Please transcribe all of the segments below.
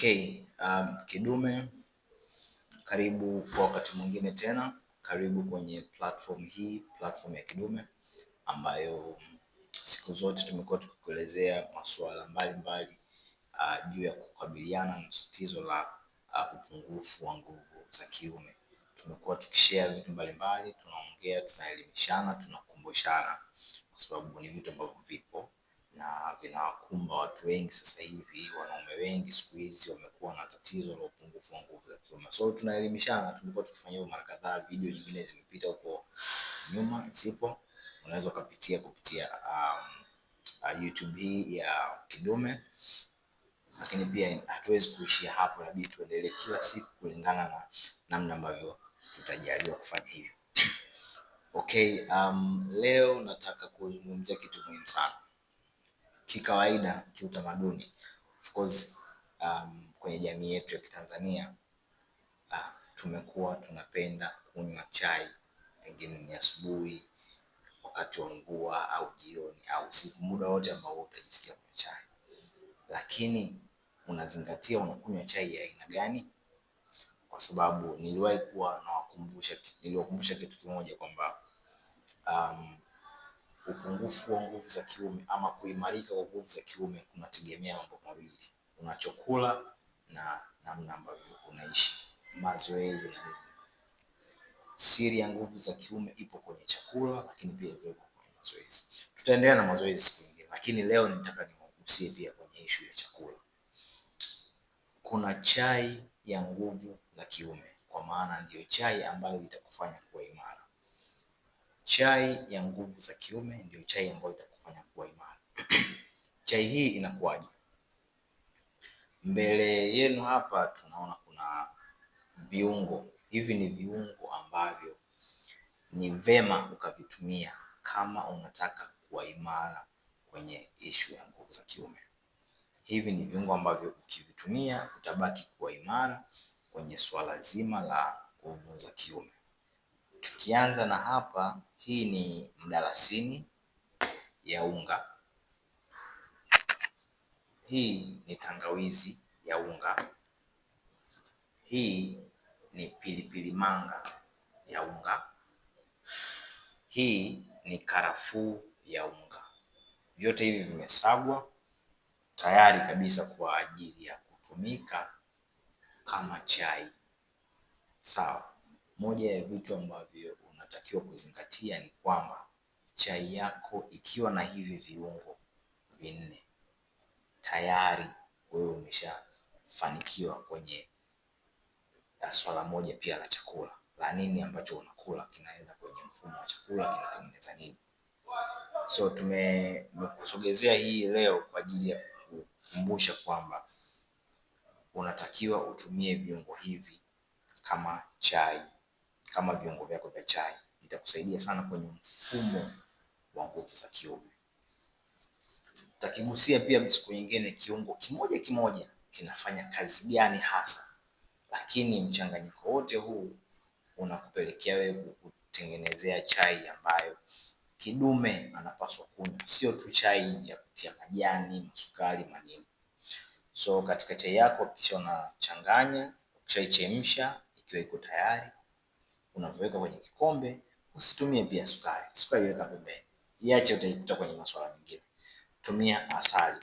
Okay. Um, Kidume, karibu kwa wakati mwingine tena, karibu kwenye platform hii, platform ya Kidume ambayo siku zote tumekuwa tukikuelezea masuala mbalimbali uh, juu uh, ya kukabiliana na tatizo la uh, upungufu wa nguvu za kiume. Tumekuwa tukishare vitu mbalimbali, tunaongea, tunaelimishana, tunakumbushana kwa sababu ni vitu ambavyo vipo na vinawakumba watu wengi sasa hivi. Wanaume wengi siku hizi wamekuwa na tatizo la upungufu wa nguvu za kiume, so tunaelimishana. Tumekuwa tukifanya hiyo mara kadhaa, video nyingine zimepita huko nyuma, zipo, unaweza ukapitia kupitia um, uh, YouTube hii ya Kidume. Lakini pia hatuwezi kuishia hapo, inabidi tuendelee kila siku kulingana na namna ambavyo tutajaliwa kufanya hivyo. Okay, um, leo nataka kuzungumzia kitu muhimu sana kikawaida kiutamaduni of course um, kwenye jamii yetu ya Kitanzania uh, tumekuwa tunapenda kunywa chai pengine ni asubuhi, wakati wa mvua au jioni au usiku, muda wote ambao utajisikia kunywa chai, lakini unazingatia unakunywa chai ya aina gani, kwa sababu niliwahi kuwa nawakumbusha niliwakumbusha kitu kimoja kwamba um, upungufu wa nguvu za kiume ama kuimarika kwa nguvu za kiume kunategemea mambo mawili, unachokula na namna ambavyo unaishi, mazoezi na nini. Siri ya nguvu za kiume ipo kwenye chakula, lakini pia ipo kwenye mazoezi. Tutaendelea na mazoezi siku nyingine, lakini leo nitaka nigusie pia kwenye ishu ya chakula. Kuna chai ya nguvu za kiume, kwa maana ndiyo chai ambayo itakufanya kuwa imara chai ya nguvu za kiume ndio chai ambayo itakufanya kuwa imara. Chai hii inakuwaje? Mbele yenu hapa tunaona kuna viungo. Hivi ni viungo ambavyo ni vema ukavitumia kama unataka kuwa imara kwenye ishu ya nguvu za kiume. Hivi ni viungo ambavyo ukivitumia utabaki kuwa imara kwenye swala zima la nguvu za kiume. Tukianza na hapa, hii ni mdalasini ya unga, hii ni tangawizi ya unga, hii ni pilipili manga ya unga, hii ni karafuu ya unga. Vyote hivi vimesagwa tayari kabisa kwa ajili ya kutumika kama chai. Sawa moja ya vitu ambavyo unatakiwa kuzingatia ni kwamba chai yako ikiwa na hivi viungo vinne, tayari wewe umeshafanikiwa kwenye ah, swala moja pia la chakula la nini ambacho unakula kinaenda kwenye mfumo wa chakula kinatengeneza nini. So tumekusogezea hii leo kwa ajili ya kukumbusha kwamba unatakiwa utumie viungo hivi kama chai kama viungo vyako vya chai. Itakusaidia sana kwenye mfumo wa nguvu za kiume. Takigusia pia siku nyingine kiungo kimoja kimoja kinafanya kazi gani hasa, lakini mchanganyiko wote huu unakupelekea wewe kutengenezea chai ambayo kidume anapaswa kunywa, sio tu chai ya kutia majani, masukari, manini. So katika chai yako hakikisha unachanganya, ukishaichemsha ikiwa iko tayari unavyoweka kwenye kikombe usitumie pia sukari. Sukari weka pembeni, iache, utaikuta kwenye masuala mengine. Tumia asali,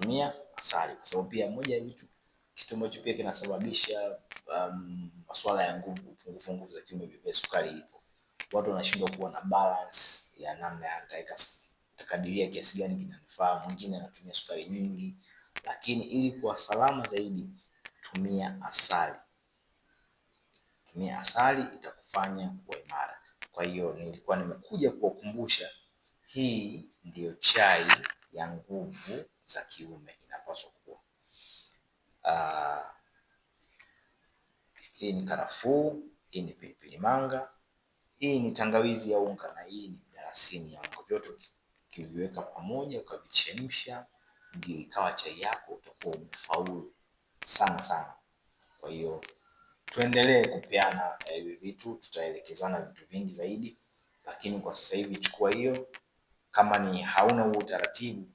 tumia asali kwa sababu pia moja ya vitu kitu ambacho pia kinasababisha um, masuala ya nguvu, upungufu nguvu za kiume, vipia sukari ipo. Watu wanashindwa kuwa na balance ya namna ya nitaweka takadiria kiasi gani kinanifaa. Mwingine anatumia sukari nyingi, lakini ili kuwa salama zaidi tumia asali. Tumia asali itakufanya kuwa imara. Kwa hiyo nilikuwa nimekuja kuwakumbusha, hii ndiyo chai ya nguvu za kiume inapaswa kuwa. Uh, hii ni karafuu, hii ni pilipili manga, hii ni tangawizi ya unga na hii ni mdalasini ya unga. Vyote ukiviweka pamoja ukavichemsha, ndio ikawa chai yako, utakuwa umefaulu sana sana. Kwa hiyo tuendelee kupeana eh, hivi vitu, tutaelekezana vitu vingi zaidi, lakini kwa sasa hivi chukua hiyo. Kama ni hauna huo utaratibu,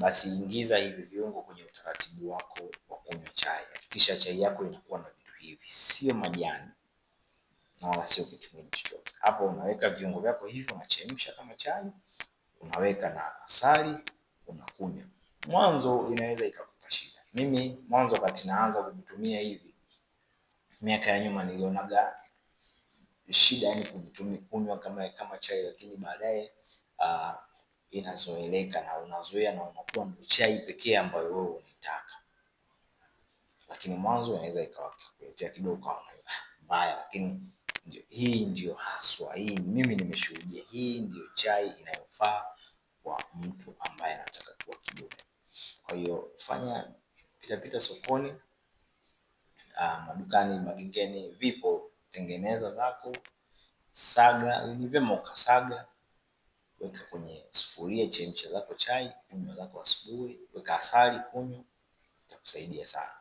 basi ingiza hivi viungo kwenye utaratibu wako wa kunywa chai. Hakikisha chai yako inakuwa na vitu hivi, sio majani na wala sio kitu kingine chochote. Hapo unaweka viungo vyako hivi, unachemsha kama chai, unaweka na asali, unakunywa. Mwanzo inaweza ikakupa shida. Mimi mwanzo wakati naanza kuvitumia hivi miaka ya nyuma nilionaga shida yani kuvitumia kunywa kama, kama chai, lakini baadaye uh, inazoeleka na unazoea na unakuwa ndio chai pekee ambayo wewe unaitaka, lakini mwanzo inaweza ikawa kuletea kidogo mbaya, lakini ndio, hii ndio haswa hii mimi nimeshuhudia, hii ndio chai inayofaa kwa mtu ambaye anataka kuwa kidume. Kwa hiyo fanya pitapita sokoni uh, madukani, magengeni vipo, tengeneza zako, saga. Ni vyema ukasaga, weka kwenye sufuria, chemsha zako chai, kunywa zako asubuhi, weka asali, kunywa, itakusaidia sana.